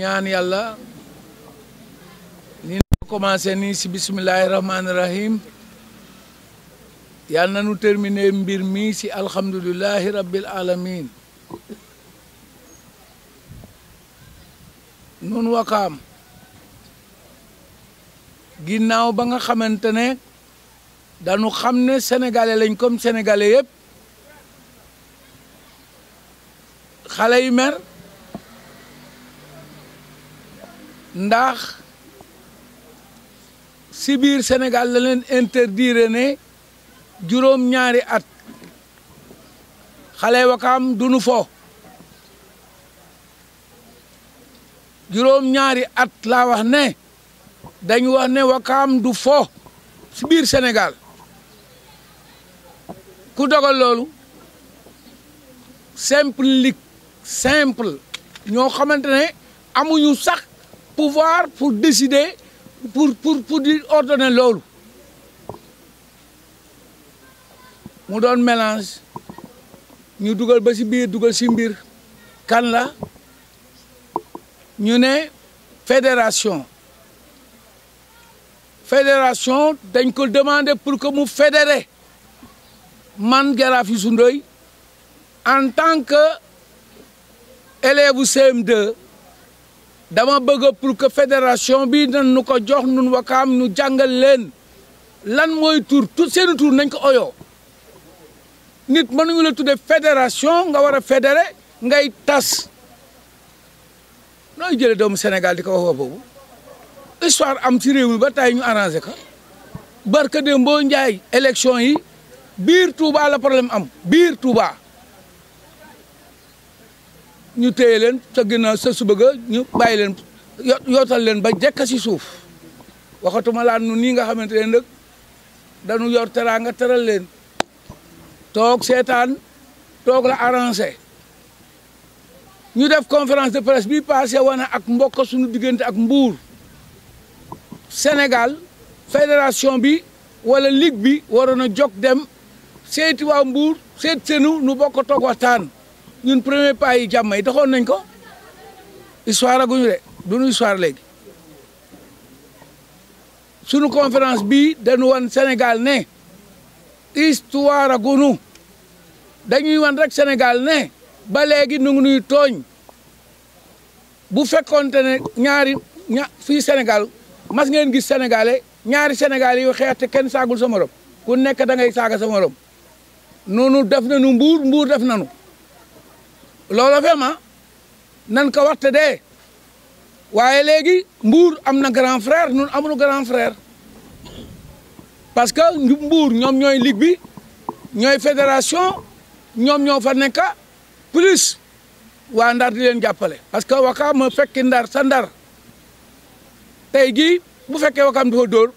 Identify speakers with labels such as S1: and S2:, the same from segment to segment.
S1: ñaan yàlla ni ñu commencé nii si Bismillahirrahmanirrahim. rahmaani rahim yàlla na nu terminer mbir mi si alhamdulilahi rabbil alamin nun Wakam. ginnaaw ba nga xamante ne dañu xam ne sénégalais lañ comme sénégalais yépp xale yi mer ndax si biir Sénégal la leen interdire ne juróom-ñaari at xale wakaam duñu fo juróom-ñaari at la wax ne dañu wax ne wakaam du fo si biir Sénégal ku dogal loolu simple lig simple ñoo xamante ne amuñu sax pouvoir pour décider pour pour pour di ordonner loolu mu doon mélange ñu dugal ba ci biir dugal ci mbir kan la ñu ne fédération fédération dañ ko demander pour que mu fédérer man Jaraaf Youssou Ndoye en tant que élève CM2 dama bëgg pour que fédération bi nan nu ko jox nun wakaam nu jàngal leen lan mooy tur tout seeni tur nañ ko oyo nit mënuñu la tudde fédération nga war a fédéré ngay tas nooy jële doomu Sénégal di ko wax boobu histoire am ci réew mi ba tey ñu arrangé ko barka dem boo njaay élection yi biir Touba la problème am biir Touba ñu téyé leen sa ginnaaw sa suba ga ñu bàyyi leen yotal leen ba jekk si suuf waxatuma la nu ni nga xamante nak dañu yor teraanga teral leen tok seetaan tok la arrangé ñu def conférence de presse bi passé wana ak mbokk suñu digënté ak mbour sénégal fédération bi wala ligue bi warona jog dem sétiwa mbour sét senu nu bokk tok waxtane ñun premier pas yi jamm yi taxoon nañ ko histoire aguñu de duñu histoire léegi sunu conférence bi dañu wan Sénégal ne histoire aguñu dañuy wan rek Sénégal ne ba léegi nu ngi nuy tooñ bu fekkoonte ne ñaari ña fii Sénégal mas ngeen gis sénégalais ñaari sénégalais yu xeex te kenn saagul sa morom ku nekk da ngay saaga sa morom noonu def nañu mbuur mbuur def nañu loolu vraiment ah. nan ko waxte dee waaye léegi mbuur am na grand frère ñun amuñu grand frère parce que mbuur ñoom ñooy ligue ñooy fédération ñoom ñoo fa nekk plus waa ndar di leen jàppale parce que wakaam ma fekki ndar sa ndar tey jii bu fekkee wakaam dafa dóor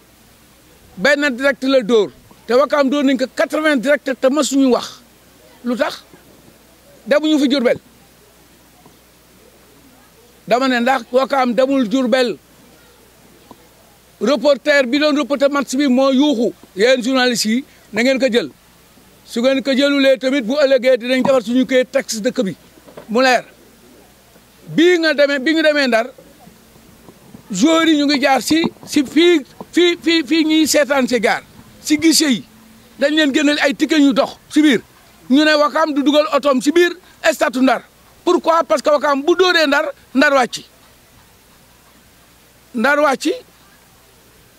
S1: benn direct la dóor te wakaam dóor nañ ko quatre direct te masuñu wax lu tax demuñu fi jurbel dama ne ndax wakaam demul jurbel reporter bi don reporter match bi mo yuxu yeen journaliste yi na ngeen ko jël su ngeen ko jëlulé tamit bu ëllëgee dinañ defar suñu kay texte dekk bi mu leer bi nga démé bi nga démé ndar joueurs yi ñu ngi jaar si si fi fi fi ñi sétane ci gar ci si guichet yi dañ leen gënal ay ticket ñu dox ci bir ñu né Wakam du duggal autom ci Purku estatu Ndar pourquoi parce que Wakam bu dóoree Ndar Ndar wacci Ndar wacci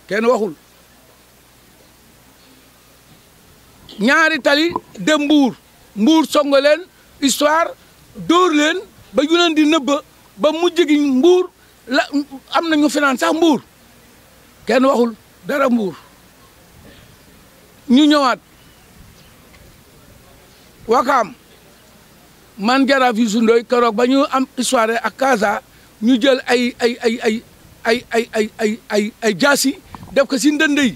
S1: kenn waxul ñaari tali dem Mur mbour songo leen histoire dóor len ba ñu len di neub ba mujj gi mbour am nañu finance sax mbour kenn waxul dara mbour ñu ñëwaat Wakam, man jaraaf Youssou Ndoye koro ba am histoire ak Casa ñu jël ay ay ay ay ay ay ay ay ay ay jasi def ko ci ndënd yi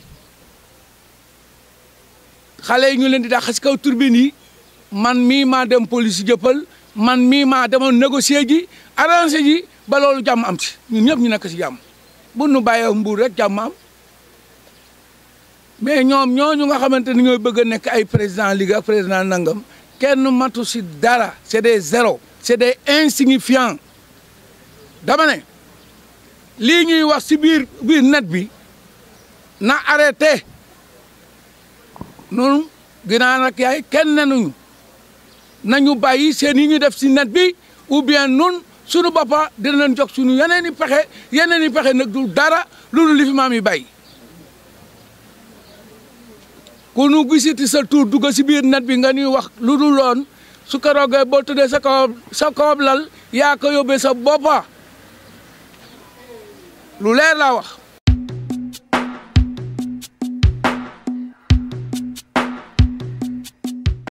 S1: xalé ñu leen di kaw turbine yi man mima ma dem police jëppal man mima ma dem négocier ji arranger ji ba lolu jam am ci ñun ñep ñu nekk ci jam bu ñu baye mbur rek jam am mais ñoo ñu nga xamanteni ñoy bëgg nek ay président ligue président nangam c'est des zéro c'est des insignifiants dama ne qui ñuy wax net na arrêté Nous, Ginaar ak yaay kenn nañu nañu net bi ou bien nun suñu de dina leen jox suñu nous, avons ku nu gisiti sa tuur dugg si biir net bi nga nuy wax lu dul loon su ko roogee boo tëddee sa kaw sa kawam yaa ko yóbbee sa boppa lu leer laa wax